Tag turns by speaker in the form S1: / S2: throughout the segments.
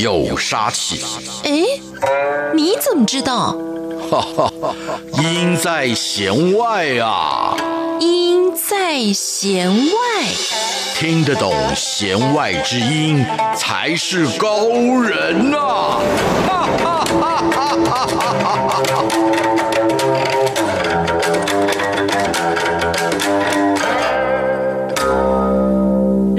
S1: 有殺氣。
S2: 哎，你怎麼知道？哈哈，
S1: 哈，音在弦外啊。
S2: 音在
S1: 弦外。聽得懂弦外之音，才是高人吶，啊。哈哈哈哈哈！哈哈。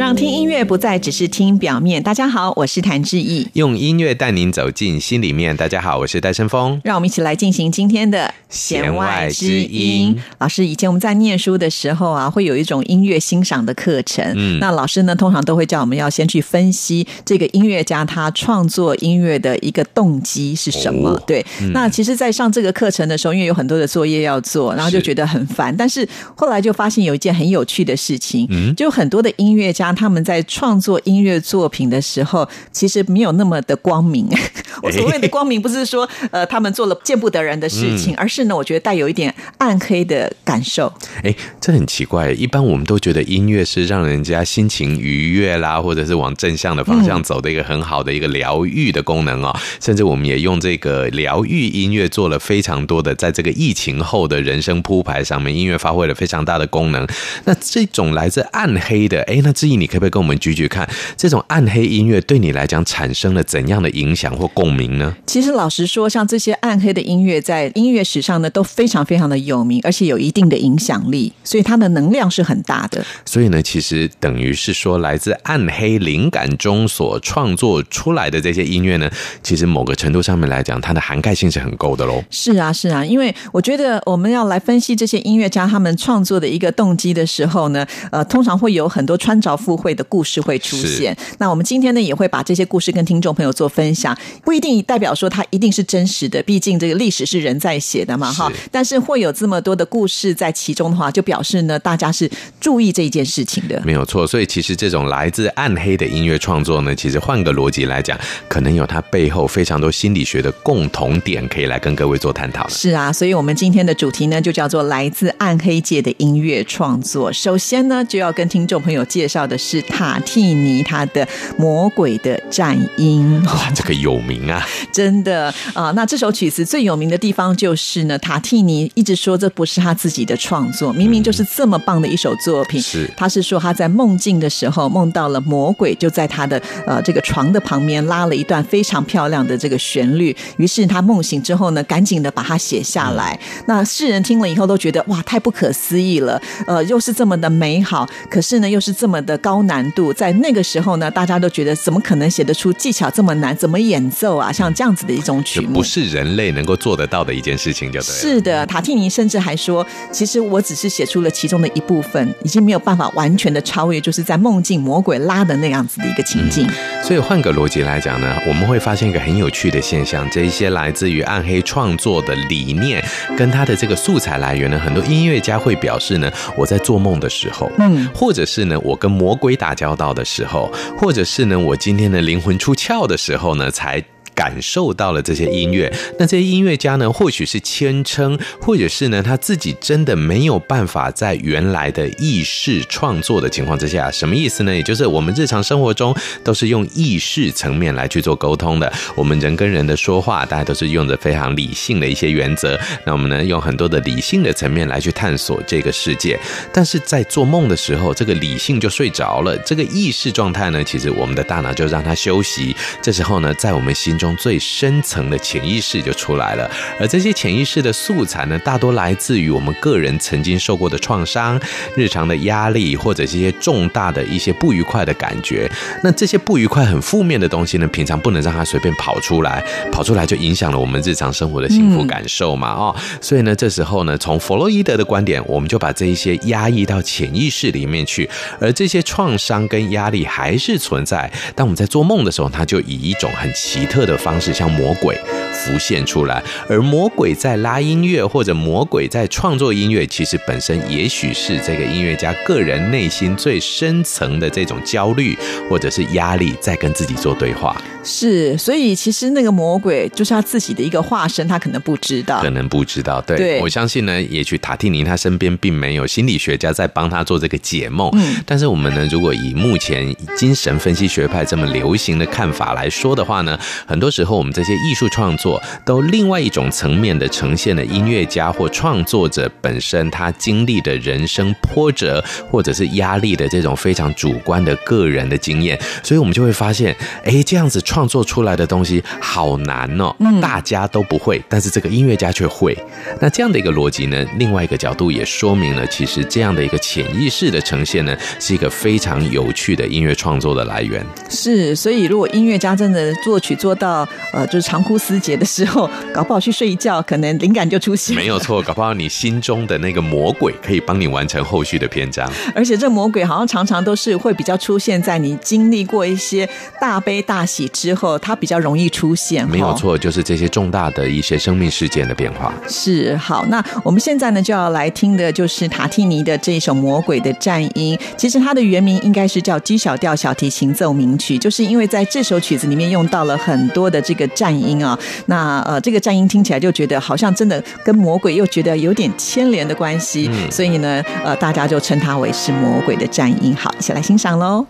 S2: 想聽音樂，不再只是聽表面。大家好，我是譚
S1: 志毅。用音樂帶您走進心裡面。大家好，我是戴勝峰。
S2: 讓我們一起來進行今天的弦外之音。之音。老師，以前我們在念書的時候啊，會有一種音樂欣賞的課程。嗯、那老師呢，通常都會叫我們要先去分析這個音樂家他創作音樂的一個動機是什麼。哦、對，嗯、那其實，在上這個課程的時候，因為有很多的作業要做，然後就覺得很煩。是。但是後來就發現有一件很有趣的事情，嗯、就很多的音樂家他。他們在創作音樂作品的時候，其實沒有那麼的光明。 我所謂的光明，不是說、哎、呃他們做了見不得人的事情，嗯、而是呢，我覺得帶有一點暗黑的
S1: 感受。哎，這很奇怪。一般我們都覺得音樂是讓人家心情愉悅啦，或者是往正向的方向走的一個很好的一個療癒的功能啊。嗯、甚至我們也用這個療癒音樂做了非常多的在這個疫情後的人生鋪排上面，音樂發揮了非常大的功能。那這種來自暗黑的，哎，那至於你。可不可以跟我們舉舉看，這種暗黑音樂對你來講產生了怎樣的影響或共鳴呢？
S2: 其實老實說，像這些暗黑的音樂，在音樂史上呢都非常非常的有名，而且有一定的影響力，所以它的能量是很大
S1: 的。所以呢，其實等於是說，來自暗黑靈感中所創作出來的這些音樂呢，其實某個程度上面來講，它的涵蓋性是很夠的嘍。
S2: 是啊，是啊，因為我覺得我們要來分析這些音樂家他們創作的一個動機的時候呢，呃，通常會有很多穿鑿附會的故事會出現，是那我們今天呢也會把這些故事跟聽眾朋友做分享，不一定代表說它一定是真實的，畢竟這個歷史是人在寫的嘛，哈是。但是會有這麼多的故事在其中的話，就表示呢大家是注意這一件事情的，
S1: 沒有錯。所以其實這種來自暗黑的音樂創作呢，其實換個邏輯來講，可能有它背後非常多心理學的共同點可以來跟各位做探討。是
S2: 啊，所以我們今天的主題呢就叫做來自暗黑界的音樂創作。首先呢就要跟聽眾朋友介紹的是。是塔蒂尼他的《魔鬼的顫
S1: 音》，哇，這個有名啊，
S2: 真的啊。那這首曲子最有名的地方就是呢，塔蒂尼一直說這不是他自己的創作，明明就是這麼棒的一首作品。是，他是說他在夢境的時候夢到了魔鬼，就在他的呃這個床的旁邊拉了一段非常漂亮的這個旋律。於是他夢醒之後呢，趕緊的把它寫下來。那世人聽了以後都覺得哇，太不可思議了，呃，又是這麼的美好，可是呢又是這麼的高。難度在那個時候呢，大家都覺得怎麼可能寫得出技巧這麼難？怎麼演奏啊？像這樣子的一種曲目，嗯、不
S1: 是人類能夠做得到的一件事情，就對。是
S2: 的，塔蒂尼甚至還說，其實我只是寫出了其中的一部分，已經沒有辦法完全的超越，就是在夢境魔鬼拉的那樣子的一個情
S1: 景，嗯。所以換個邏輯來講呢，我們會發現一個很有趣的現象：這一些來自於暗黑創作的理念，跟他的這個素材來源呢，很多音樂家會表示呢，我在做夢的時候，嗯，或者是呢，我跟魔鬼。會打交道的時候，或者是呢，我今天的靈魂出竅的時候呢，才感受到了這些音樂，那這些音樂家呢，或許是謙稱，或者是呢，他自己真的沒有辦法在原來的意識創作的情況之下，什麼意思呢？也就是我們日常生活中都是用意識層面來去做溝通的，我們人跟人的說話，大家都是用着非常理性的一些原則。那我們呢，用很多的理性的層面來去探索這個世界，但是在做夢的時候，這個理性就睡着了，這個意識狀態呢，其實我們的大腦就讓它休息。這時候呢，在我們心中。最深層的潛意識就出來了，而這些潛意識的素材呢，大多來自於我們個人曾經受過的創傷、日常的壓力，或者這些重大的一些不愉快的感覺。那這些不愉快、很負面的東西呢，平常不能讓它隨便跑出來，跑出來就影響了我們日常生活的幸福感受嘛。哦，所以呢，這時候呢，從弗洛伊德的觀點，我們就把這一些壓抑到潛意識裡面去，而這些創傷跟壓力還是存在。當我們在做夢的時候，它就以一種很奇特的方式像魔鬼浮現出來，而魔鬼在拉音樂或者魔鬼在創作音樂，其實本身也許是這個音樂家個人內心最深層的這種焦慮或者是壓力，在跟自己做對話。
S2: 是，所以其實那個魔鬼就是他自己的一個化身，他可能不知道，可
S1: 能不知道。對，對我相信呢，也許塔蒂尼他身邊並沒有心理學家在幫他做這個解夢。嗯，但是我們呢，如果以目前精神分析學派這麼流行的看法來說的話呢，很多時候我們這些藝術創作都另外一種層面的呈現了音樂家或創作者本身他經歷的人生波折或者是壓力的這種非常主觀的個人的經驗，所以我們就會發現，哎，這樣子創。創作出來的東西好難哦，嗯、大家都不會，但是這個音樂家卻會。那這樣的一個邏輯呢，另外一個角度也說明了，其實這樣的一個潛意識的呈現呢，是一個非常有趣的音樂創作的來源。
S2: 是，所以如果音樂家真的作曲做到呃，就是長枯思竭的時候，搞不好去睡一覺，可能靈感就出
S1: 現。沒有錯，搞不好你心中的那個魔鬼可以幫你完成後續的篇章。
S2: 而且這魔鬼好像常常都是會比較出現在你經歷過一些大悲大喜。之後，它比較容易出現。沒有錯，
S1: 就是這些重大的一些生命事件的變化。
S2: 是，好，那我們現在呢就要來聽的，就是塔蒂尼的這一首《魔鬼的顫音》。其實它的原名應該是叫《g 小調小提琴奏鳴曲》，就是因為在這首曲子裡面用到了很多的這個顫音啊。那呃，這個顫音聽起來就覺得好像真的跟魔鬼又覺得有點牽連的關係，嗯、所以呢，呃，大家就稱它為是魔鬼的顫音。好，一起來欣賞嘍。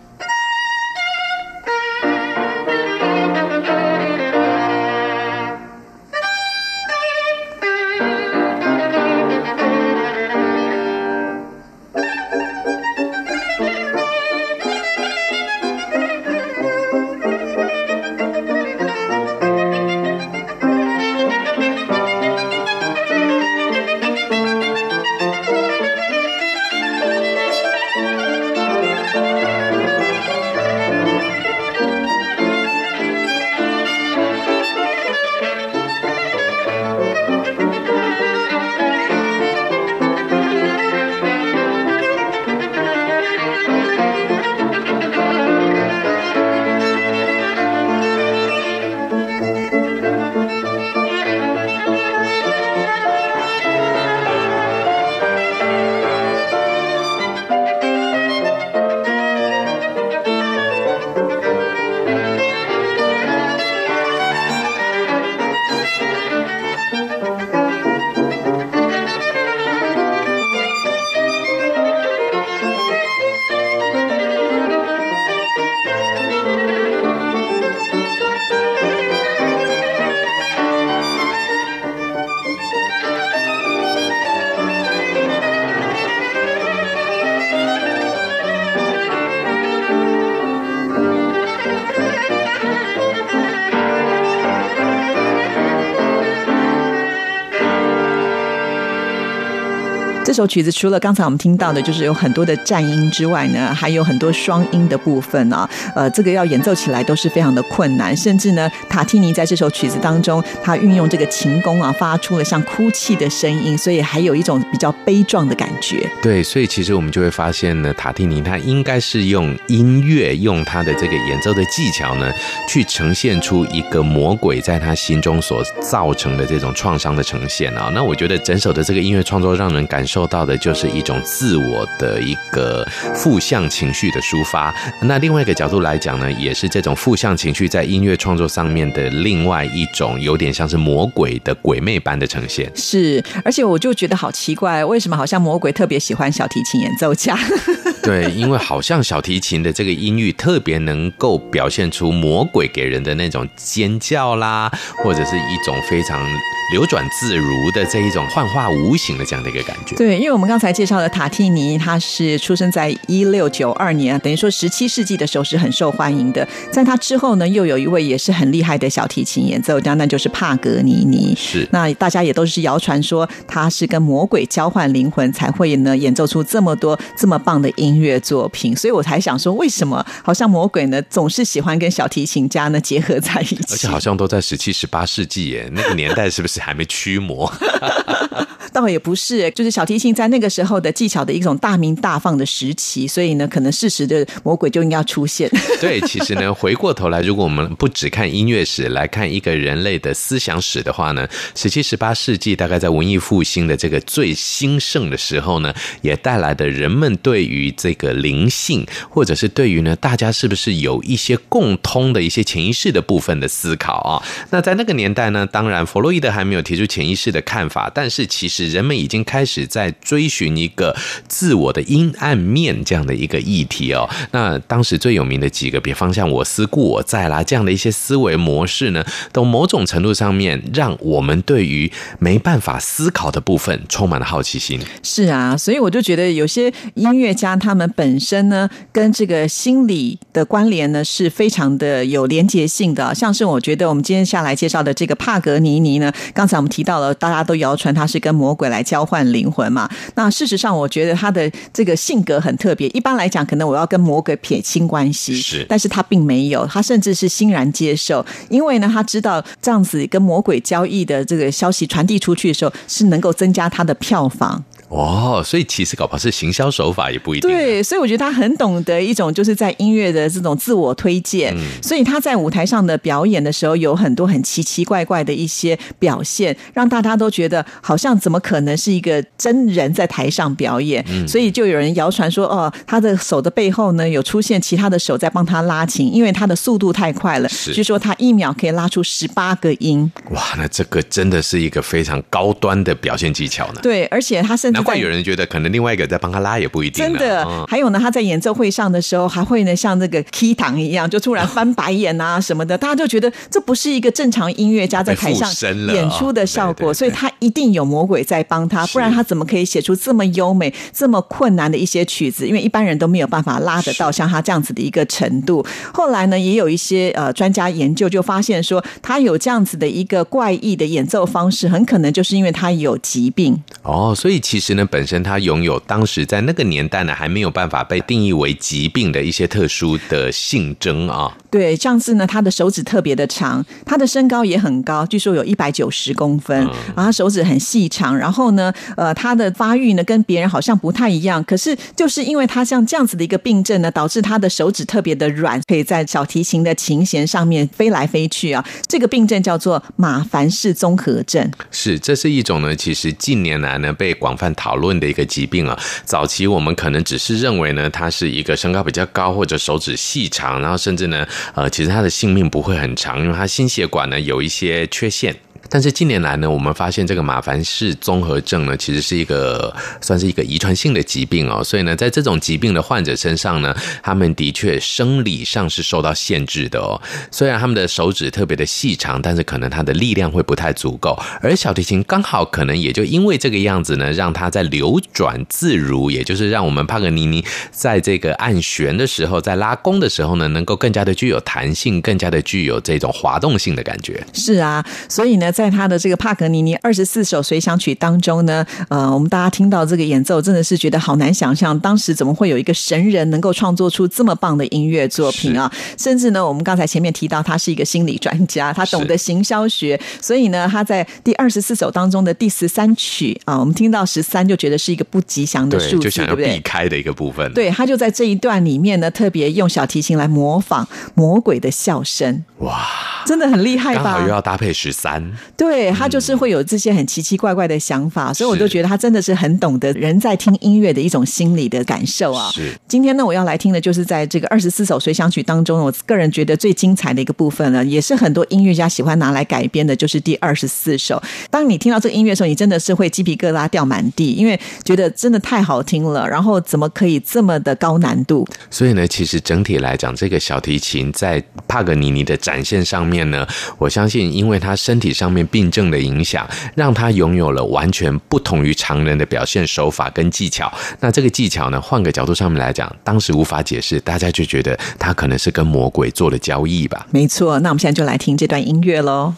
S2: 這首曲子除了剛才我們聽到的，就是有很多的顫音之外呢，還有很多雙音的部分啊。呃，這個要演奏起來都是非常的困難，甚至呢，塔蒂尼在這首曲子當中，他運用這個琴弓啊，發出了像哭泣的聲音，所以還有一種比較悲壯的感覺。
S1: 對，所以其實我們就會發現呢，塔蒂尼他應該是用音樂，用他的這個演奏的技巧呢，去呈現出一個魔鬼在他心中所造成的這種創傷的呈現啊。那我覺得整首的這個音樂創作讓人感受到的就是一種自我的一個負向情緒的抒發。那另外一個角度來講呢，也是這種負向情緒在音樂創作上面的另外一種有點像是魔鬼的鬼魅般的呈現。是，
S2: 而且我就覺得好奇怪，為什麼好像魔鬼特別喜歡小提琴演奏家？
S1: 對，因為好像小提琴的這個音域特別能夠表現出魔鬼給人的那種尖叫啦，或者是一種非常流轉自如的這一種幻化無形的這樣的一個感覺。
S2: 對。因為我們剛才介紹的塔蒂尼，他是出生在一六九二年，等於說十七世紀的時候是很受歡迎的。在他之後呢，又有一位也是很厲害的小提琴演奏家，那就是帕格尼尼。是，那大家也都是謠傳說他是跟魔鬼交換靈魂才會呢演奏出這麼多這麼棒的音樂作品。所以我才想說，為什麼好像魔鬼呢總是喜歡跟小提琴家呢結合在一起？而且好
S1: 像都在十七、十八世紀耶，那個年代是不是還沒驅魔？
S2: 倒 也不是，就是小提琴。在那個時候的技巧的一種大鳴大放的時期，所以呢，可能事實的魔鬼就應該出現。 對，其實
S1: 呢，回過頭來，如果我們不只看音樂史來看一個人類的思想史的話呢，十七、十八世紀大概在文藝復興的這個最興盛的時候呢，也帶來的人們對於這個靈性，或者是對於呢，大家是不是有一些共通的一些潛意識的部分的思考啊？那在那個年代呢，當然，弗洛伊德還沒有提出潛意識的看法，但是其實人們已經開始在追尋一個自我的陰暗面這樣的一個議題哦，那當時最有名的幾個，比方像我思故我在啦，這樣的一些思維模式呢，都某種程度上面，讓我們對於沒辦法思考的部分充滿了好奇心。
S2: 是啊，所以我就覺得有些音樂家他們本身呢，跟這個心理的關聯呢，是非常的有連接性的。像是我覺得我們今天下來介紹的這個帕格尼尼呢，剛才我們提到了，大家都謠傳他是跟魔鬼來交換靈魂嘛。那事實上，我覺得他的這個性格很特別。一般來講，可能我要跟魔鬼撇清關係，是，但是他並沒有，他甚至是欣然接受，因為呢，他知道這樣子跟魔鬼交易的這個消息傳遞出去的時候，是能夠增加他的票房。
S1: 哦，所以其實搞不好是行銷手法也不一定啊。
S2: 對，所以我覺得他很懂得一種就是在音樂的這種自我推薦。嗯、所以他在舞台上的表演的時候，有很多很奇奇怪怪的一些表現，讓大家都覺得好像怎麼可能是一個真人在台上表演。嗯、所以就有人謠傳說，哦，他的手的背後呢有出現其他的手在幫他拉琴，因為他的速度太快了，是據說他一秒可以拉出十八個音。
S1: 哇，那這個真的是一個非常高端的表現技巧呢。
S2: 對，而且他甚至。怪有人
S1: 覺得可能另外一個在幫他拉也不一定真的。還
S2: 有呢，他在演奏會上的時候還會呢像那個乩童一樣，就突然翻白眼啊什麼的，大家 就覺得這不是一個正常音樂家在台上演出的效果，哦、對對對，所以他一定有魔鬼在幫他，對對對，不然他怎麼可以寫出這麼優美、這麼困難的一些曲子？因為一般人都沒有辦法拉得到像他這樣子的一個程度。是後來呢，也有一些呃專家研究就發現說，他有這樣子的一個怪異的演奏方式，很可能就是因為他有疾
S1: 病哦。所以其實。本身他擁有當時在那個年代呢，還沒有辦法被定義為疾病的一些特殊的性徵啊。
S2: 對，上次呢，他的手指特別的長，他的身高也很高，據說有一百九十公分，然後他手指很細長。然後呢，呃，他的發育呢跟別人好像不太一樣。可是就是因為他像這樣子的一個病症呢，導致他的手指特別的軟，可以在小提琴的琴弦上面飛來飛去啊。這個病症叫做馬凡氏綜合症。
S1: 是，這是一種呢，其實近年來呢被廣泛。討論的一個疾病啊，早期我們可能只是認為呢，他是一個身高比較高，或者手指細長，然後甚至呢，呃，其實他的性命不會很長，因為他心血管呢有一些缺陷。但是近年來呢，我們發現這個馬凡氏綜合症呢，其實是一個算是一個遺傳性的疾病哦。所以呢，在這種疾病的患者身上呢，他們的確生理上是受到限制的哦。雖然他們的手指特別的細長，但是可能他的力量會不太足夠。而小提琴剛好可能也就因為這個樣子呢，讓他在流轉自如，也就是讓我們帕格尼尼在這個按弦的時候，在拉弓的時候呢，能夠更加的具有彈性，更加的具有這種滑動性的感覺。
S2: 是啊，所以呢。在他的這個帕格尼尼二十四首隨想曲當中呢，呃，我們大家聽到這個演奏，真的是覺得好難想象，當時怎麼會有一個神人能夠創作出這麼棒的音樂作品啊！是甚至呢，我們剛才前面提到，他是一個心理專家，他懂得行銷學，是所以呢，他在第二十四首當中的第十三曲啊，呃，我們聽到十三就覺得是一個不吉祥的數字，對，就想要避
S1: 開的一個部分。對，
S2: 他就在這一段裡面呢，特別用小提琴來模仿魔鬼的笑聲。
S1: 哇，
S2: 真的很厲害吧！剛好又
S1: 要搭配十三。
S2: 對他就是會有這些很奇奇怪怪的想法，嗯、所以我就覺得他真的是很懂得人在聽音樂的一種心理的感受啊。是，今天呢，我要來聽的就是在這個二十四首隨想曲當中，我個人覺得最精彩的一個部分呢，也是很多音樂家喜歡拿來改編的，就是第二十四首。當你聽到這個音樂的時候，你真的是會雞皮疙瘩掉滿地，因為覺得真的太好聽了。然後怎麼可以這麼的高難
S1: 度？所以呢，其實整體來講，這個小提琴在帕格尼尼的展現上面呢，我相信，因為他身體上面。病症的影響，讓他擁有了完全不同於常人的表現手法跟技巧。那這個技巧呢，換個角度上面來講，當時無法解釋，大家就覺得他可能是跟魔鬼做了交易吧。
S2: 沒錯，那我們現在就來聽這段音樂嘍。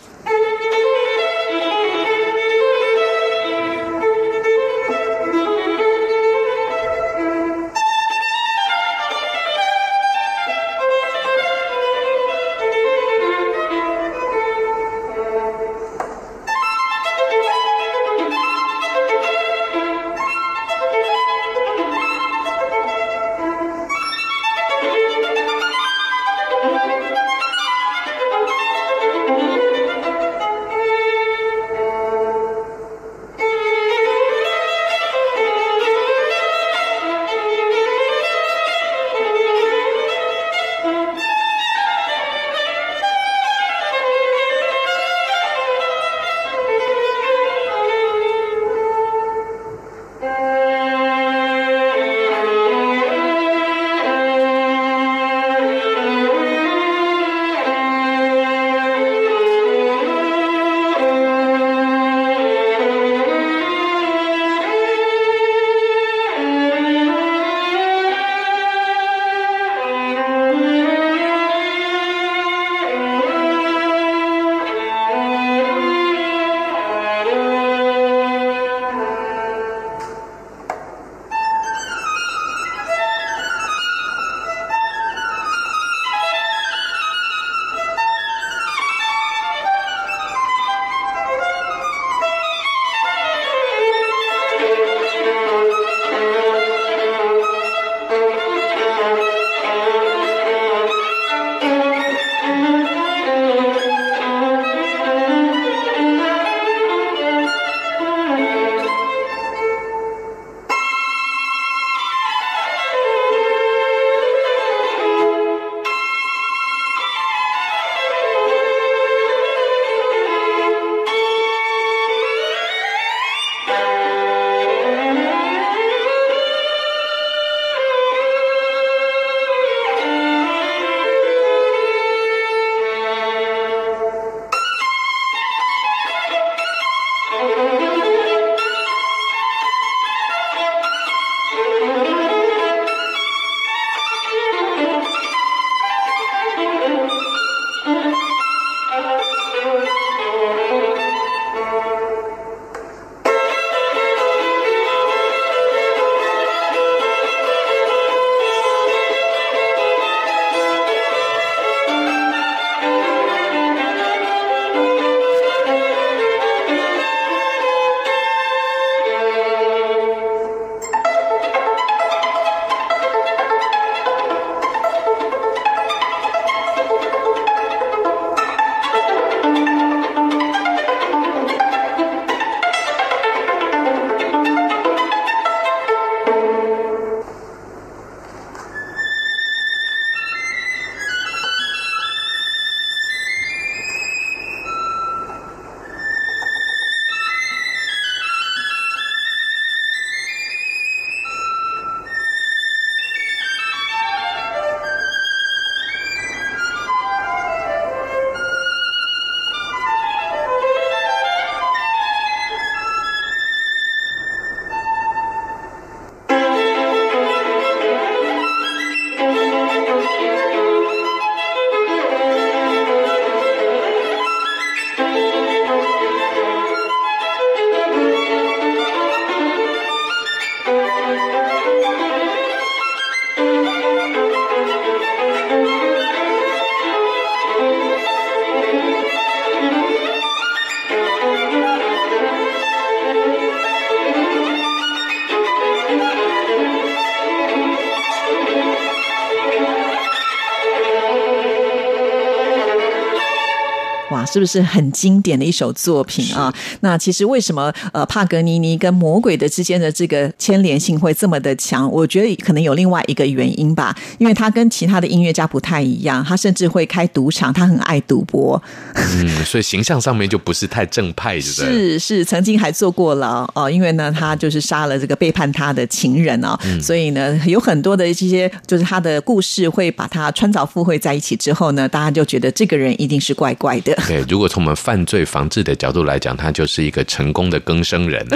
S2: 哇，是不是很經典的一首作品啊？是那其實為什麼呃帕格尼尼跟魔鬼的之間的這個牽連性會這麼的強？我覺得可能有另外一個原因吧，因為他跟其他的音樂家不太一樣，他甚至會開賭場，他很愛賭博。嗯，
S1: 所以形象上面就不是太正派的。 是
S2: 是，曾經還坐過牢哦，因為呢他就是殺了這個背叛他的情人哦，嗯、所以呢有很多的這些就是他的故事會把他穿鑿附會在一起之後呢，大家就覺得這個人一定是怪怪的。對，
S1: 如果從我們犯罪防治的角度來講，他就是一個成功的更生人，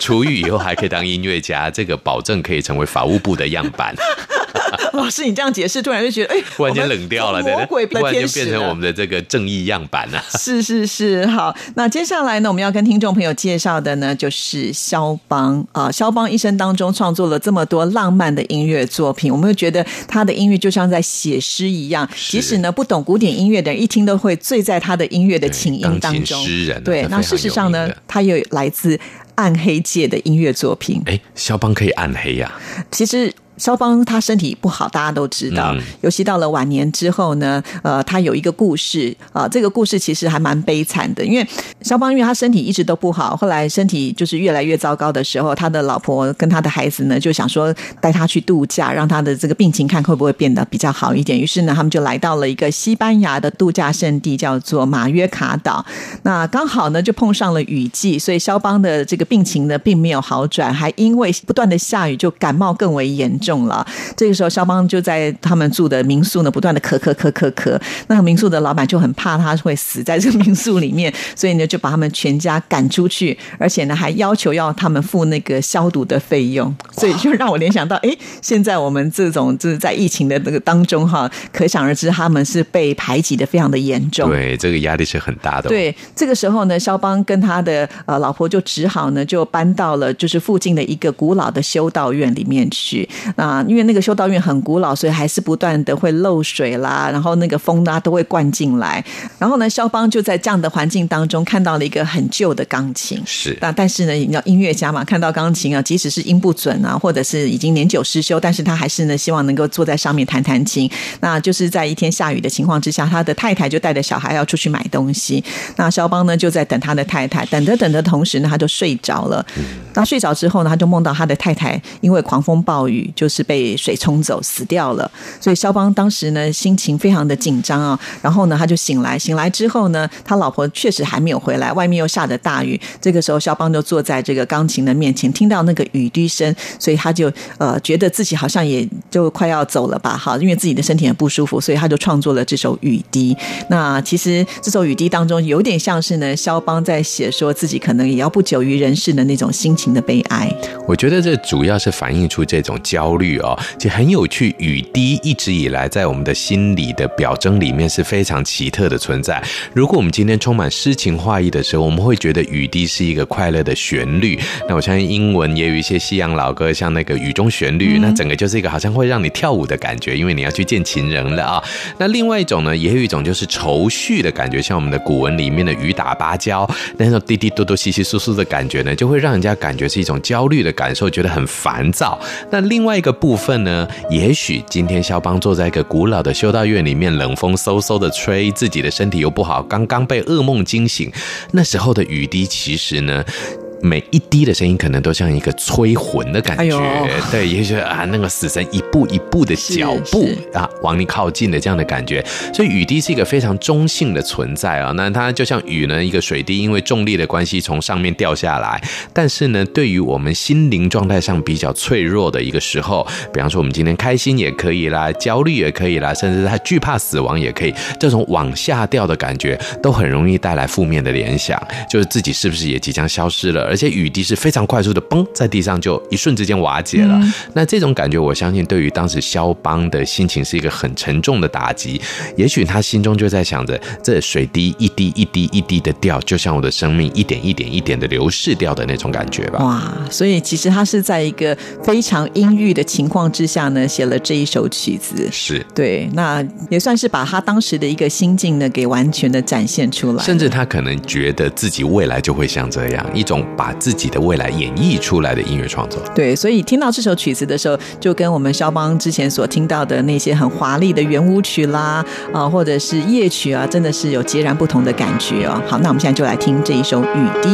S1: 出獄 以後還可以當音樂家，這個保證可以成為法務部的樣板。
S2: 老師，你這樣解釋，突然就覺得，哎、欸，突然間冷
S1: 掉了，魔鬼變天使了，對，突然就變成我們的這個正義樣板了、啊。
S2: 是是是，好，那接下來呢，我們要跟聽眾朋友介紹的呢，就是肖邦啊。肖邦、呃、肖邦一生當中創作了這麼多浪漫的音樂作品，我們會覺得他的音樂就像在寫詩一樣，即使呢不懂古典音樂的人，一聽都會醉在他的音樂的琴音當中。詩人，對，啊、對，那、那事實上呢，他有來自暗黑界的音樂作品。哎、欸，肖邦可以暗黑呀、啊？其實。肖邦他身體不好，大家都知道。尤其到了晚年之後呢，呃，他有一個故事啊，呃，這個故事其實還蠻悲慘的。因為肖邦因為他身體一直都不好，後來身體就是越來越糟糕的時候，他的老婆跟他的孩子呢就想說帶他去度假，讓他的這個病情看會不會變得比較好一點。於是呢，他們就來到了一個西班牙的度假勝地，叫做馬約卡島。那剛好呢就碰上了雨季，所以肖邦的這個病情呢並沒有好轉，還因為不斷的下雨就感冒更為嚴重。用了這個時候，肖邦就在他們住的民宿呢，不斷的咳咳咳咳咳。那民宿的老闆就很怕他會死在這個民宿裡面，所以呢就把他們全家趕出去，而且呢還要求要他們付那個消毒的費用。所以就讓我聯想到，哎，現在我們這種就是在疫情的那個當中哈，可想而知他們是被排擠得非常的嚴重。對，
S1: 這個壓力是很大的哦。對，
S2: 這個時候呢，肖邦跟他的呃老婆就只好呢就搬到了就是附近的一個古老的修道院裡面去。啊，因為那個修道院很古老，所以還是不斷的會漏水啦，然後那個風呢、啊，都會灌進來。然後呢，肖邦就在這樣的環境當中看到了一個很舊的鋼琴。是，那、啊、但是呢，你知道音樂家嘛，看到鋼琴啊，即使是音不準啊，或者是已經年久失修，但是他還是呢希望能夠坐在上面彈彈琴。那就是在一天下雨的情況之下，他的太太就帶着小孩要出去買東西。那肖邦呢就在等他的太太，等着等着同時呢，他就睡着了。那、嗯、睡着之後呢，他就夢到他的太太因為狂風暴雨就是被水沖走死掉了，所以肖邦當時呢心情非常的緊張啊、哦。然後呢他就醒來，醒來之後呢他老婆確實還沒有回來，外面又下着大雨。這個時候肖邦就坐在這個鋼琴的面前，聽到那個雨滴聲，所以他就呃覺得自己好像也就快要走了吧，好，因為自己的身體很不舒服，所以他就創作了這首雨滴。那其實這首雨滴當中有點像是呢肖邦在寫說自己可能也要不久於人世的那種心情的
S1: 悲哀。我覺得這主要是反映出這種焦。其實哦，很有趣。雨滴一直以來在我們的心理的表徵裡面是非常奇特的存在。如果我們今天充滿詩情畫意的時候，我們會覺得雨滴是一個快樂的旋律。那我相信英文也有一些西洋老歌，像那個《雨中旋律》，那整個就是一個好像會讓你跳舞的感覺，因為你要去見情人了啊。那另外一種呢，也有一種就是愁緒的感覺，像我們的古文裡面的雨打芭蕉，那種滴滴嘟嘟、稀稀疏疏的感覺呢，就會讓人家感覺是一種焦慮的感受，覺得很煩躁。那另外一。這個部分呢，也許今天肖邦坐在一個古老的修道院裡面，冷風嗖嗖的吹，自己的身體又不好，剛剛被噩夢驚醒，那時候的雨滴其實呢。每一滴的聲音可能都像一個催魂的感覺，哎呦，對，也就是啊，那個死神一步一步的腳步，是是，啊，往你靠近的這樣的感覺。所以雨滴是一個非常中性的存在啊、哦，那它就像雨呢，一個水滴，因為重力的關係從上面掉下來。但是呢，對於我們心靈狀態上比較脆弱的一個時候，比方說我們今天開心也可以啦，焦慮也可以啦，甚至他懼怕死亡也可以，這種往下掉的感覺都很容易帶來負面的聯想，就是自己是不是也即將消失了？而且雨滴是非常快速的，崩在地上就一瞬之間瓦解了。嗯、那這種感覺，我相信對於當時肖邦的心情是一個很沉重的打擊。也許他心中就在想着，這水滴一滴一滴一滴的掉，就像我的生命一點一點一點的流逝掉的那種感覺吧。哇！
S2: 所以其實他是在一個非常陰鬱的情況之下呢，寫了這一首曲子。是對，那也算是把他當時的一個心境呢，給完全的展現出
S1: 來。甚至他可能覺得自己未來就會像這樣一種。把自己的未來演繹出來的音樂創作，
S2: 對，所以聽到這首曲子的時候，就跟我們肖邦之前所聽到的那些很華麗的圓舞曲啦，啊，呃，或者是夜曲啊，真的是有截然不同的感覺哦。好，那我們現在就來聽這一首《雨滴》。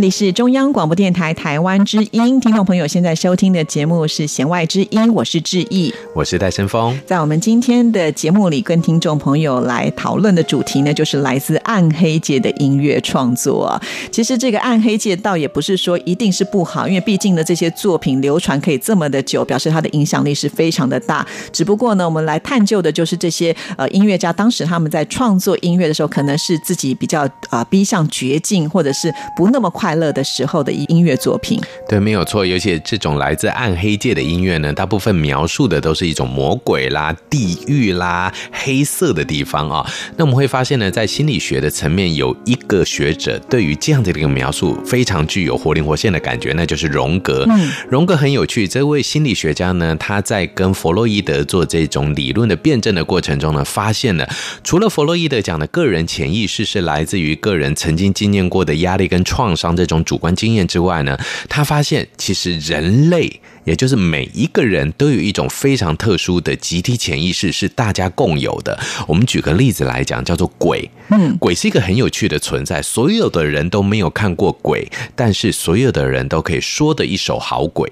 S2: 這裡是中央廣播電台台灣之音，聽眾朋友現在收聽的節目是《弦外之音》，我是志毅，
S1: 我是戴森峰，
S2: 在我們今天的節目裡，跟聽眾朋友來討論的主題呢，就是來自。暗黑界的音樂創作啊，其實這個暗黑界倒也不是說一定是不好，因為畢竟呢，這些作品流傳可以這麼的久，表示它的影響力是非常的大。只不過呢，我們來探究的就是這些呃音樂家當時他們在創作音樂的時候，可能是自己比較啊、呃、逼向絕境，或者是不那麼快樂的時候的一音樂作品。
S1: 對，沒有錯。尤其這種來自暗黑界的音樂呢，大部分描述的都是一種魔鬼啦、地獄啦、黑色的地方啊、哦。那我們會發現呢，在心理學。的層面有一個學者對於這樣的一個描述非常具有活靈活現的感覺，那就是榮格。嗯。榮格很有趣，這位心理學家呢，他在跟弗洛伊德做這種理論的辯證的過程中呢，發現了，除了弗洛伊德講的個人潛意識是來自於個人曾經經驗過的壓力跟創傷這種主觀經驗之外呢，他發現其實人類。也就是每一個人都有一種非常特殊的集體潛意識，是大家共有的。我們舉個例子來講，叫做鬼。嗯，鬼是一個很有趣的存在。所有的人都沒有看過鬼，但是所有的人都可以說的一手好鬼。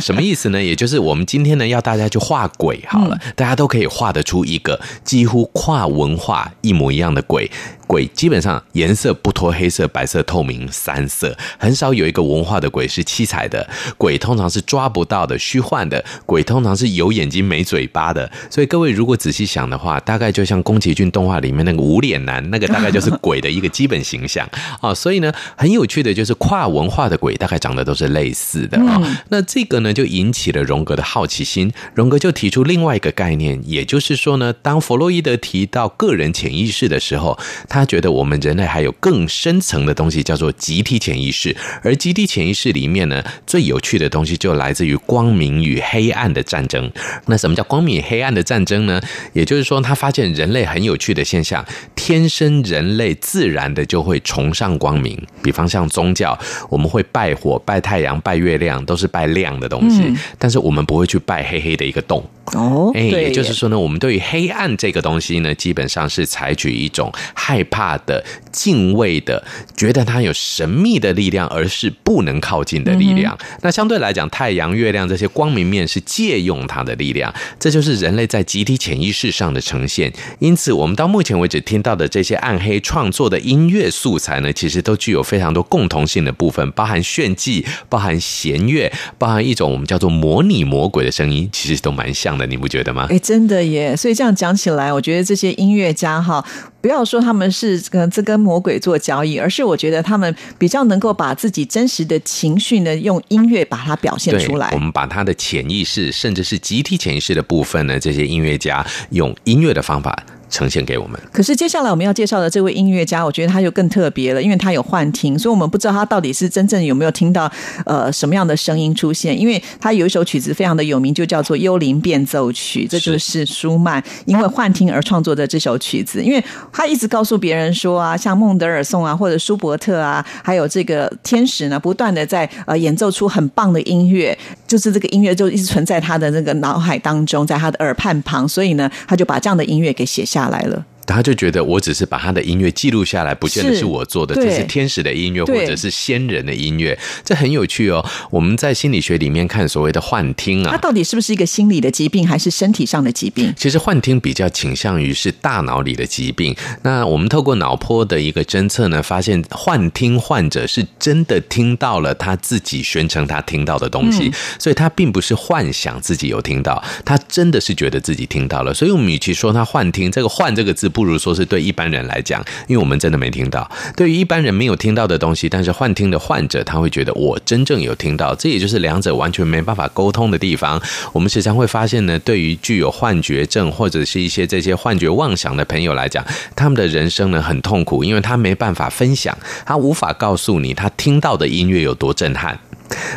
S1: 什麼意思呢？也就是我們今天呢，要大家去畫鬼好了，大家都可以畫得出一個幾乎跨文化一模一樣的鬼。鬼基本上顏色不脫黑色、白色、透明三色，很少有一個文化的鬼是七彩的。鬼通常是抓。抓不到的虛幻的鬼，通常是有眼睛沒嘴巴的。所以各位如果仔細想的話，大概就像宮崎駿動畫裡面那個無臉男，那個大概就是鬼的一個基本形象啊、 哦。所以呢，很有趣的就是跨文化的鬼，大概長得都是類似的啊、哦。那這個呢，就引起了榮格的好奇心。榮格就提出另外一個概念，也就是說呢，當弗洛伊德提到個人潛意識的時候，他覺得我們人類還有更深層的東西，叫做集體潛意識。而集體潛意識裡面呢，最有趣的東西就來。來自於光明與黑暗的戰爭，那什麼叫光明黑暗的戰爭呢？也就是說，他發現人類很有趣的現象，天生人類自然的就會崇尚光明。比方像宗教，我們會拜火、拜太陽、拜月亮，都是拜亮的東西，嗯。但是我們不會去拜黑黑的一個洞。哦，哎、欸，也就是說呢，我們對於黑暗這個東西呢，基本上是採取一種害怕的、敬畏的，覺得它有神秘的力量，而是不能靠近的力量。那相對來講，太陽、月亮這些光明面是借用它的力量，這就是人類在集體潛意識上的呈現。因此，我們到目前為止聽到的這些暗黑創作的音樂素材呢，其實都具有非常多共同性的部分，包含炫技，包含弦樂，包含一種我們叫做模擬魔鬼的聲音，其實都蠻像的。你不覺得嗎？哎、
S2: 欸，真的耶！所以這樣講起來，我覺得這些音樂家哈，不要說他們是跟這跟魔鬼做交易，而是我覺得他們比較能夠把自己真實的情緒呢，用音樂把它表現出來。我
S1: 們把他的潛意識，甚至是集體潛意識的部分呢，這些音樂家用音樂的方法，呈現給我們。
S2: 可是接下來我們要介紹的這位音樂家，我覺得他就更特別了，因為他有幻聽，所以我們不知道他到底是真正有沒有聽到呃什麼樣的聲音出現。因為他有一首曲子非常的有名，就叫做《幽靈變奏曲》，這就是舒曼是因為幻聽而創作的這首曲子。因為他一直告訴別人說啊，像孟德爾頌啊，或者舒伯特啊，還有這個天使呢，不斷的在呃演奏出很棒的音樂，就是這個音樂就一直存在他的那個腦海當中，在他的耳畔旁，所以呢，他就把這樣的音樂給寫下。他來了。
S1: 他就覺得我只是把他的音樂記錄下來，不見得是我做的，這是，是天使的音樂或者是仙人的音樂，對這很有趣哦。我們在心理學裡面看所謂的幻聽啊，它
S2: 到底是不是一個心理的疾病還是身體上的疾病？
S1: 其實幻聽比較傾向於是大腦裡的疾病。那我們透過腦波的一個偵測呢，發現幻聽患者是真的聽到了他自己宣稱他聽到的東西，嗯。所以他並不是幻想自己有聽到，他真的是覺得自己聽到了。所以我們與其說他幻聽，這個“幻”這個字。不如說是對一般人來講，因為我們真的沒聽到。對於一般人沒有聽到的東西，但是幻聽的患者他會覺得我真正有聽到。這也就是兩者完全沒辦法溝通的地方。我們時常會發現呢，對於具有幻覺症或者是一些這些幻覺妄想的朋友來講，他們的人生呢很痛苦，因為他沒辦法分享，他無法告訴你他聽到的音樂有多震撼。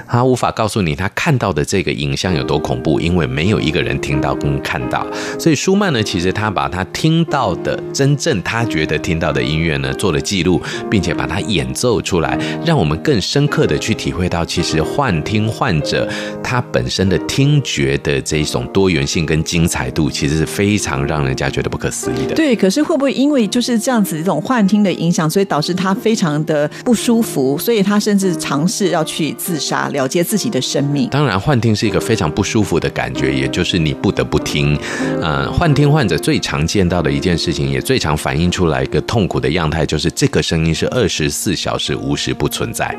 S1: 他無法告訴你他看到的這個影像有多恐怖，因為沒有一個人聽到跟看到。所以舒曼呢，其實他把他聽到的、真正他覺得聽到的音樂呢，做了記錄，並且把它演奏出來，讓我們更深刻的去體會到，其實幻聽患者他本身的聽覺的這一種多元性跟精彩度，其實是非常讓人家覺得不可思議的。對，
S2: 可是會不會因為就是這樣子一種幻聽的影響，所以導致他非常的不舒服，所以他甚至嘗試要去自殺。了結自己的生命，
S1: 當然，幻聽是一個非常不舒服的感覺，也就是你不得不聽。嗯、呃，幻聽患者最常見到的一件事情，也最常反映出來一個痛苦的樣態，就是這個聲音是二十四小時無時不存在。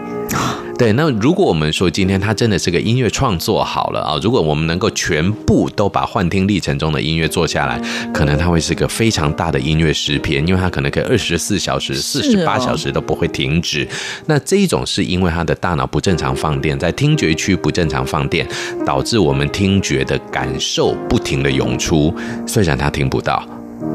S1: 對，那如果我們說今天他真的是個音樂創作好了啊、哦，如果我們能夠全部都把幻聽歷程中的音樂做下來，可能他會是個非常大的音樂詩篇，因為它可能可以二十四小時、四十八小時都不會停止。哦、那這一種是因為他的大腦不正常發放電在聽覺區不正常放電，導致我們聽覺的感受不停地湧出。雖然他聽不到，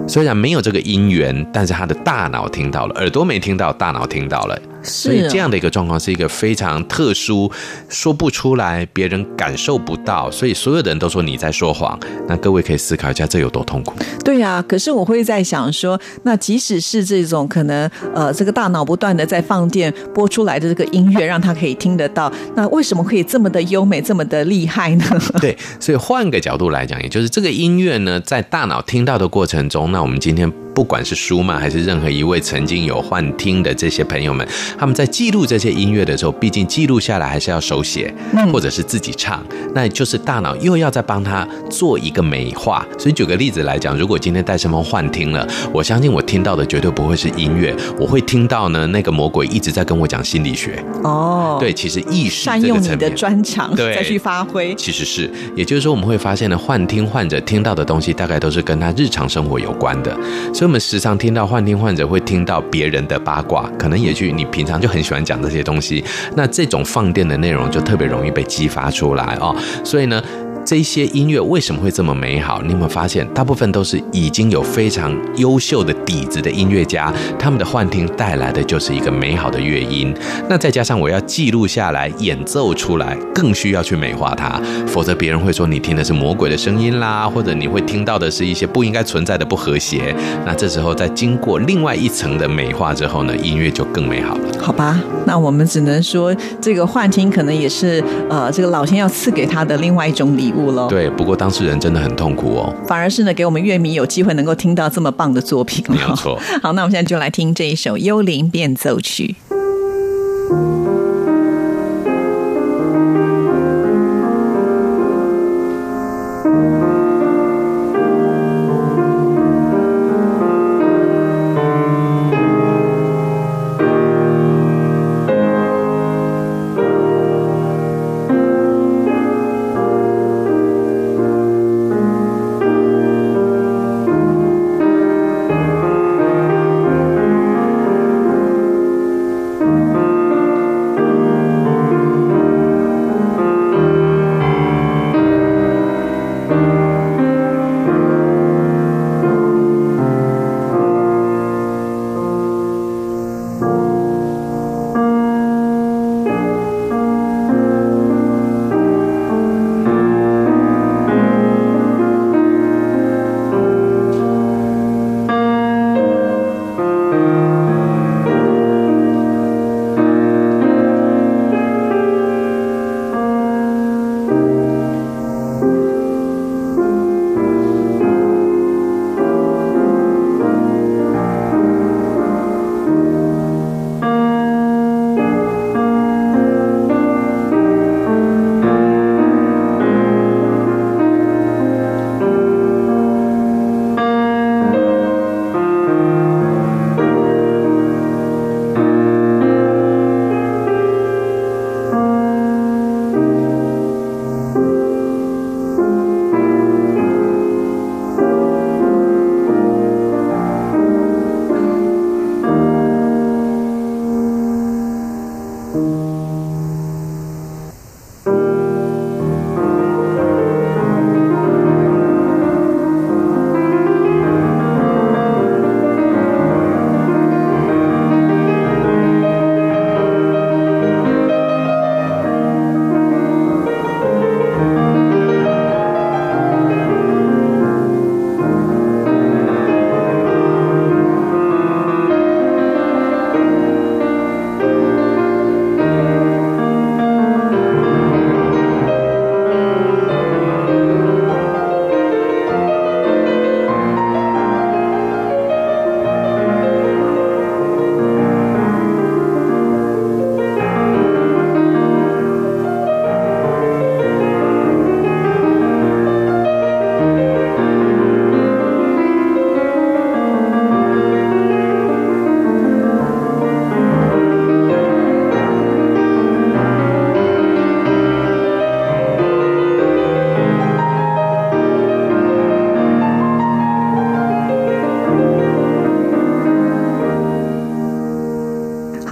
S1: 雖然沒有這個音源，但是他的大腦聽到了，耳朵沒聽到，大腦聽到了。所以這樣的一個狀況是一個非常特殊，說不出來，別人感受不到，所以所有的人都說你在說謊。那各位可以思考一下，這有多痛苦？
S2: 對呀、啊，可是我會在想說，那即使是這種可能，呃，這個大腦不斷的在放電播出來的這個音樂，讓他可以聽得到，那為什麼可以這麼的優美，這麼的厲害呢？
S1: 對，所以換個角度來講，也就是這個音樂呢，在大腦聽到的過程中，那我們今天。不管是舒曼還是任何一位曾經有幻聽的這些朋友們，他們在記錄這些音樂的時候，畢竟記錄下來還是要手寫，嗯、或者是自己唱，那就是大腦又要再幫他做一個美化。所以，舉個例子來講，如果今天戴伸峰幻聽了，我相信我聽到的絕對不會是音樂，我會聽到呢，那個魔鬼一直在跟我講心理學。
S2: 哦，對，
S1: 其實意識善用你
S2: 的專長再去
S1: 發揮。其實是，也就是說，我們會發現呢，幻聽患者聽到的東西大概都是跟他日常生活有關的。我們時常聽到幻聽患者會聽到別人的八卦，可能也許你平常就很喜歡講這些東西，那這種放電的內容就特別容易被激發出來哦。所以呢。這一些音樂為什麼會這麼美好？你有沒有發現，大部分都是已經有非常優秀的底子的音樂家，他們的幻聽帶來的就是一個美好的樂音。那再加上我要記錄下來演奏出來，更需要去美化它，否則別人會說你聽的是魔鬼的聲音啦，或者你會聽到的是一些不應該存在的不和諧。那這時候再經過另外一層的美化之後呢，音樂就更美好
S2: 了。好吧，那我們只能說，這個幻聽可能也是呃，這個老天要賜給他的另外一
S1: 種禮物。對，不過當事人真的很痛苦哦。
S2: 反而是呢，給我們樂迷有機會能夠聽到這麼棒的作品，沒有錯。好，那我們現在就來聽這一首《幽靈變奏曲》。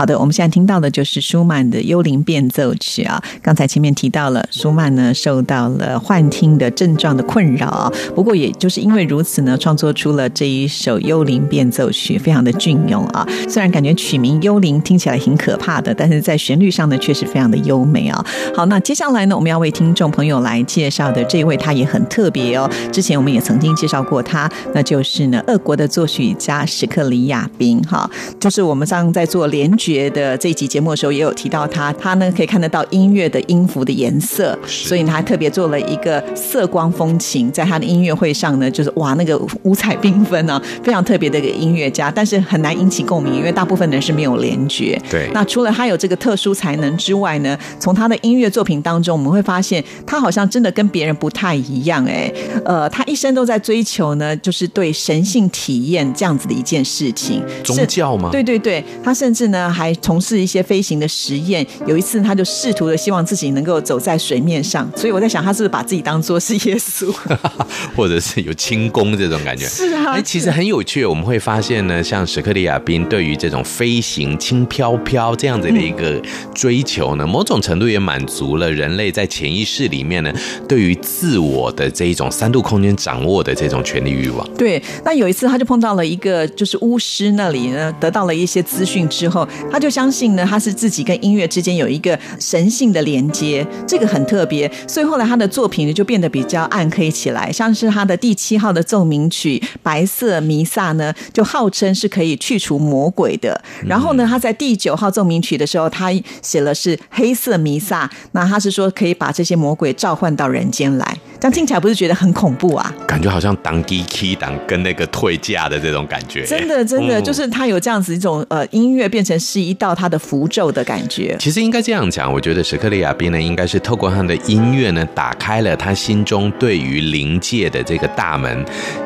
S2: 好的，我們現在聽到的就是舒曼的《幽靈變奏曲》啊。剛才前面提到了，舒曼呢受到了幻聽的症狀的困擾啊。不過也就是因為如此呢，創作出了這一首《幽靈變奏曲》，非常的雋永啊。雖然感覺曲名“幽靈”聽起來挺可怕的，但是在旋律上呢，確實非常的優美啊。好，那接下來呢，我們要為聽眾朋友來介紹的這一位，他也很特別哦。之前我們也曾經介紹過他，那就是呢，俄國的作曲家史克里亞賓。哈，就是我們上次在做連舉覺得這一集節目的時候也有提到他，他呢可以看得到音樂的音符的顏色，是所以他還特別做了一個色光風琴，在他的音樂會上呢，就是哇那個五彩繽紛啊，非常特別的一個音樂家，但是很難引起共鳴，因為大部分人是沒有聯覺。對，那除了他有這個特殊才能之外呢，從他的音樂作品當中，我們會發現他好像真的跟別人不太一樣，欸，哎，呃，他一生都在追求呢，就是對神性體驗這樣子的一件事情，宗教嗎？對對對，他甚至呢還從事一些飛行的實驗。有一次，他就試圖的希望自己能夠走在水面上，所以我在想，他是不是把自己當做是耶穌，
S1: 或者是有輕功這種感覺？是啊，哎，其實很有趣。我們會發現呢，像史克利亞賓對於這種飛行、輕飄飄這樣子的一個追求呢，嗯、某種程度也滿足了人類在潛意識裡面呢對於自我的這一種三度空間掌握的這種權力欲望。
S2: 對。那有一次，他就碰到了一個就是巫師那裡呢，得到了一些資訊之後。他就相信呢，他是自己跟音樂之間有一個神性的連接，這個很特別。所以後來他的作品呢就變得比較暗黑起來，像是他的第七號的奏鳴曲《白色彌撒》呢，就號稱是可以去除魔鬼的。然後呢，他在第九號奏鳴曲的時候，他寫了是《黑色彌撒》，那他是說可以把這些魔鬼召喚到人間來。這樣聽起來不是覺得很恐怖啊？
S1: 感覺好像當乩童跟那個退駕的這種感覺，真的真的、嗯、就是
S2: 他有這樣子一種呃音樂變成是一道他的符咒的感
S1: 覺。其實應該這樣講，我覺得史克里亞賓呢，應該是透過他的音樂呢，打開了他心中對於靈界的這個大門。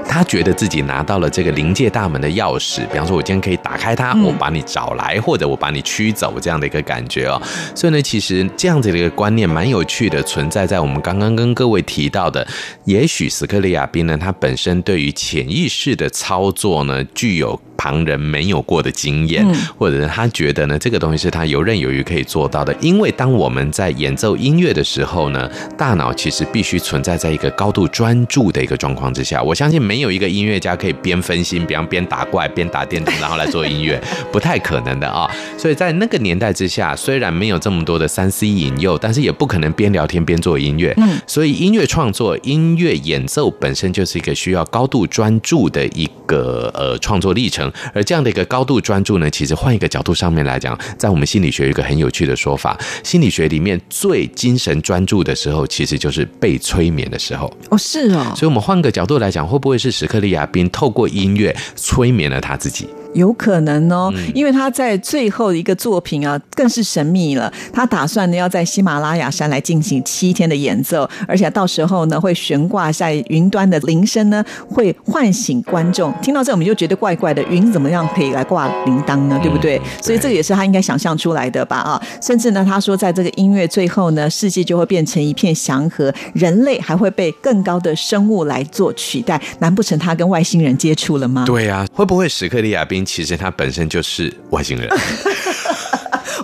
S1: 他覺得自己拿到了這個靈界大門的鑰匙，比方說，我今天可以打開它，我把你找來，或者我把你驅走這樣的一個感覺哦、喔。嗯、所以呢，其實這樣子的一個觀念蠻有趣的，存在在我們剛剛跟各位提到。好的，也許斯克里亞賓呢，他本身對於潛意識的操作呢，具有旁人沒有過的經驗，或者是他覺得呢，這個東西是他游刃有餘可以做到的。因為當我們在演奏音樂的時候呢，大腦其實必須存在在一個高度專注的一個狀況之下。我相信沒有一個音樂家可以邊分心，比方邊打怪、邊打電動，然後來做音樂，不太可能的啊、哦。所以在那個年代之下，雖然沒有這麼多的三 C 引誘，但是也不可能邊聊天邊做音樂。嗯。所以音樂創作、音樂演奏本身就是一個需要高度專注的一個呃創作歷程。而這樣的一個高度專注呢，其實換一個角度上面來講，在我們心理學有一個很有趣的說法，心理學裡面最精神專注的時候，其實就是被催眠的時候。哦，是哦。所以我們換個角度來講，會不會是史克利亞賓透過音樂催眠了他自己？
S2: 有可能哦，嗯、因為他在最後一個作品啊，更是神秘了。他打算呢要在喜馬拉雅山來進行七天的演奏，而且到時候呢會懸掛在雲端的鈴聲呢，會喚醒觀眾。聽到這我們就覺得怪怪的，雲怎麼樣可以來掛鈴鐺呢？對不對？嗯、對。所以這個也是他應該想象出來的吧？啊，甚至呢他說，在這個音樂最後呢，世界就會變成一片祥和，人類還會被更高的生物來做取代。難不成他跟外星人接觸了嗎？對
S1: 啊，會不會史克利亞賓？其實他本身就是外星人。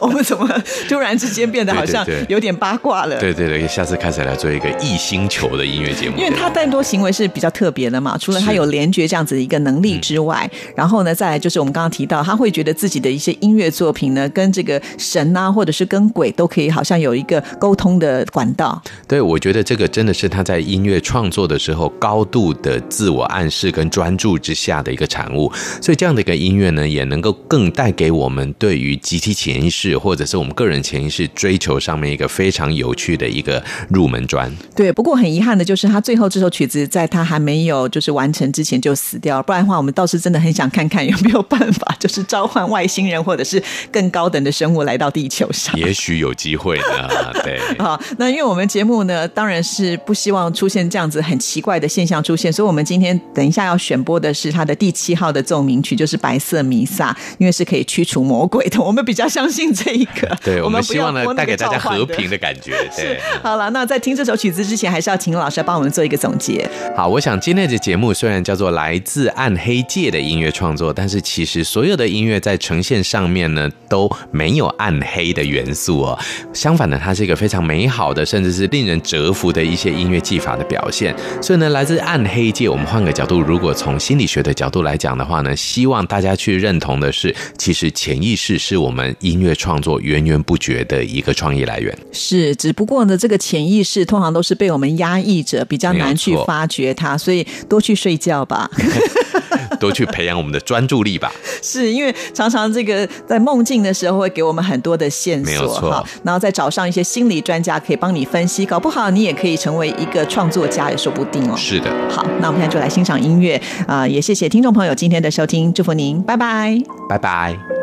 S2: 我們怎麼突然之間變得好像有點八卦了？ 對，對，
S1: 對對對，下次開始來做一個異星球的音樂節目。因為他
S2: 太多行為是比較特別的嘛，除了他有聯覺這樣子的一個能力之外，嗯、然後呢，再來就是我們剛剛提到，他會覺得自己的一些音樂作品呢，跟這個神啊，或者是跟鬼都可以，好像有一個溝通的管道。
S1: 對，我覺得這個真的是他在音樂創作的時候高度的自我暗示跟專注之下的一個產物。所以這樣的一個音樂呢，也能夠更帶給我們對於集體潛意識。或者是我們個人潛意識追求上面一個非常有趣的一個入門磚。
S2: 對，不過很遺憾的就是他最後這首曲子在他還沒有就是完成之前就死掉了，不然的話我們倒是真的很想看看有沒有辦法就是召喚外星人或者是更高等的生物來到地球
S1: 上，也許有機會的。
S2: 對， 好，那因為我們節目呢，當然是不希望出現這樣子很奇怪的現象出現，所以我們今天等一下要選播的是他的第七號的奏鳴曲，就是白色彌撒，因為是可以驅除魔鬼的，我們比較相信。這一個，對，我們希望呢帶給大家和平的感覺。對， 好了，那在聽這首曲子之前，還是要請老師來幫我們做一個總結。
S1: 好，我想今天的節目雖然叫做來自暗黑界的音樂創作，但是其實所有的音樂在呈現上面呢都沒有暗黑的元素哦。相反呢，它是一個非常美好的，甚至是令人折服的一些音樂技法的表現。所以呢，來自暗黑界，我們換個角度，如果從心理學的角度來講的話呢，希望大家去認同的是，其實潛意識是我們音樂創作。創作源源不絕的一個創意來源
S2: 是，只不過呢，這個潛意識通常都是被我們壓抑着，比較難去發掘它，所以多去睡覺吧，
S1: 多去培養我們的專注力吧。
S2: 是因為常常這個在夢境的時候會給我們很多的線索，沒有錯。然後再找上一些心理專家，可以幫你分析，搞不好你也可以成為一個創作家，也說不定哦。是的，好，那我們現在就來欣賞音樂啊，呃，也謝謝聽眾朋友今天的收聽，祝福您，拜拜，
S1: 拜拜。